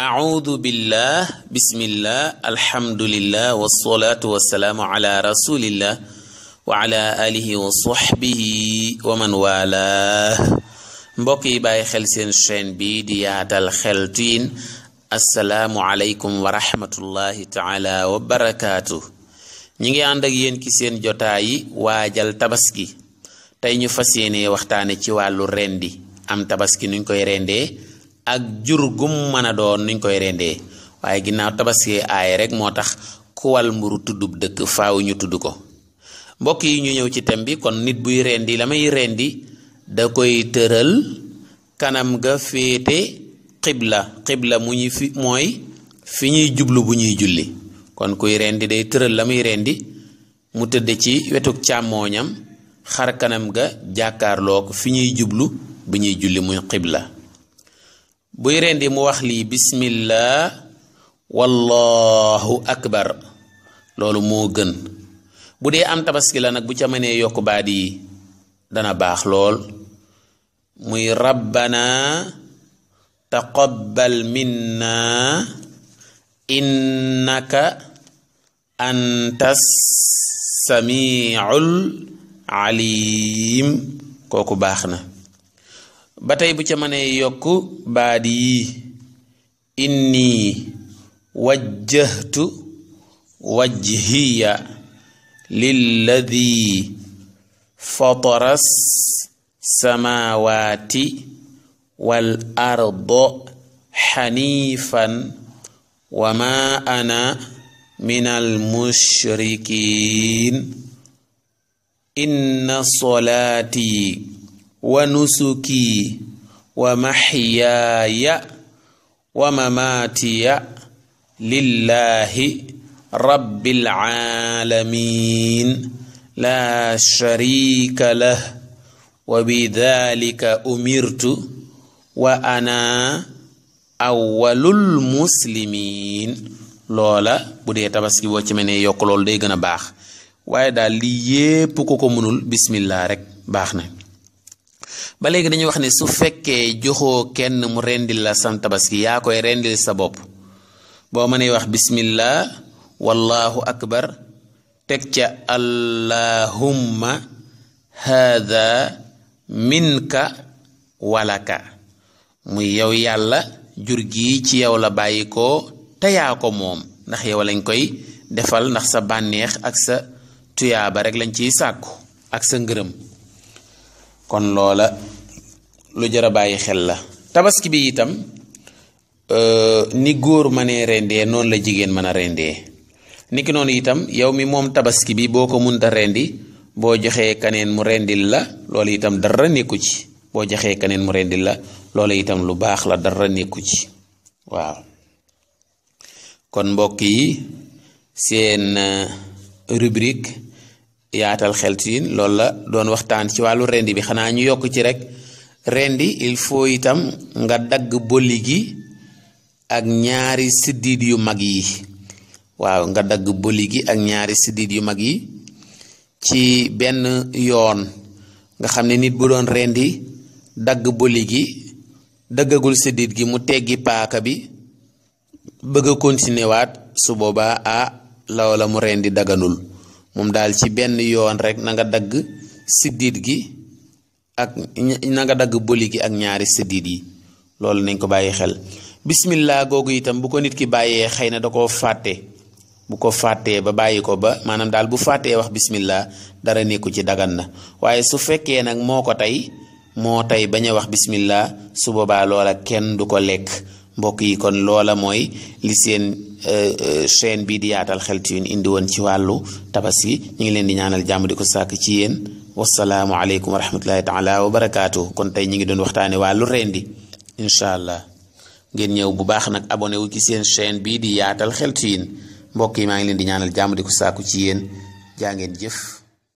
audu billah bismillah alhamdulillah wasalaatu wasalaamu ala rasulillah wa ala alihi wa sahbihi wa man wala mbokk yi bàyyi xel seen chaîne bi di yaatal xeltiin assalaamu aleykum wa rahmatullahi wa barakaatu ñi ngi ànd ak seen jotaay yi waajal tabaski tey ñu fas yéene waxtaane ci wàllu rendi am tabaski nuñ koy rendee ak jur gum mën a doon nuñ koy rendee waaye ginnaaw tabaski aay rek moo tax ku wal mburu tuddub dëkk faaw ñu tudd ko mbokk yi ñu ñëw ci thème bi kon nit buy rendi la muy rendi da koy tëral kanam ga féete xibla xibla mu ñu fi mooy fi ñuy jublu bu ñuy julli kon kuy rendi day tëral la muy rendi mu tëdd ci wetuk càmmooñam xar kanam ga jàkkaarloo ko fi ñuy jublu bu ñuy julli muy xibla buy rendi mu wax lii bismillah wallahu akbar loolu moo gën bu dee am tabaski la nag bu ca mënee yokk baat yi dana baax lool muy rabbana taqabbal minna innaka antas samiul alim kooku baax na ba bu ca mënee yokk baat yii inni wajjahtu wajhiya lilladi fatara samaawaati wal ardo xaniifan wa maa ana minal mushrikiin inna solaati wa nusuki wa maxyaaya wa mamaatiya lillahi rabbil caalamiin laa shariika lah wa bidaalika umirtu wa ana awwalul muslimiin loola bu dee tabaski boo ci mënee yokk loolu day gën a baax waaye daal lii yépp ko ko mënul bismillah rekk baax na ba léegi dañuy wax ne su fekkee joxoo kenn mu rendil la sam yaa koy rendil sa bopp boo mënee wax bismillah wallahu akbar teg ca allahumma haada minka walaka muy yow yàlla jur gi ci yow la bàyyi ko te ko moom ndax yow lañ koy defal ndax sa bànneex ak sa tuyaaba rek lañ ciy sàkku ak sa ngërëm kon loola lu jar a bàyyi xel la tabaski bi itam euh, ni góor mënee rendee noonu la jigéen mën a rendee niki noonu itam yow mi moom tabaski bi boo ko munta rendi boo joxee kaneen mu rendil la loolu itam dara nekku ci boo joxee kaneen mu rendil la loolu itam lu baax la dara nekku ci waaw kon mbokk yi seen euh, rubrique yaatal xel siin loolu la doon waxtaan ci wàllu rendi bi xanaa ñu yokk ci rek rendi il faut itam nga dagg boli gi ak ñaari siddiit yu mag yi waaw nga dagg boli gi ak ñaari siddiit yu mag yi ci benn yoon nga xam ne nit bu doon rendi dagg boli gi daggagul siddiit gi mu teggi paaka bi bëgg a continuer waat su boobaa a ah, loola mu rendi daganul moom daal ci benn yoon rek nanga nga dagg siddiit gi ak na nga dagg boli gi ak ñaari siddiit yi loolu nañ ko bàyyi xel bismillah googu itam bu ko nit ki bàyyee xëy na da koo fàtte bu ko fàttee ba bàyyi ko ba maanaam daal bu fàttee wax bismillah dara nekku ci dagan na waaye su fekkee nag moo ko tey moo tey bañ a wax bismillah su boobaa loola kenn du ko lekk mbokk yi kon loola mooy li seen euh, euh, chaîne bii di yaatal xeltu yin indi woon ci wàllu tabaski ñu ngi leen di ñaanal jàmm di ko sàkk ci yéen wasalaamu aleykum wa rahmatullahi taala wa barakaatu kon tey ñu ngi doon waxtaane wàllu rendi incha allah ngeen ñëw bu baax nag abonné wu ci seen chaîne bii di yaatal xeltu yin mbokk yi maa ngi leen di ñaanal jàmm di ko sàkku ci yéen jaa jëf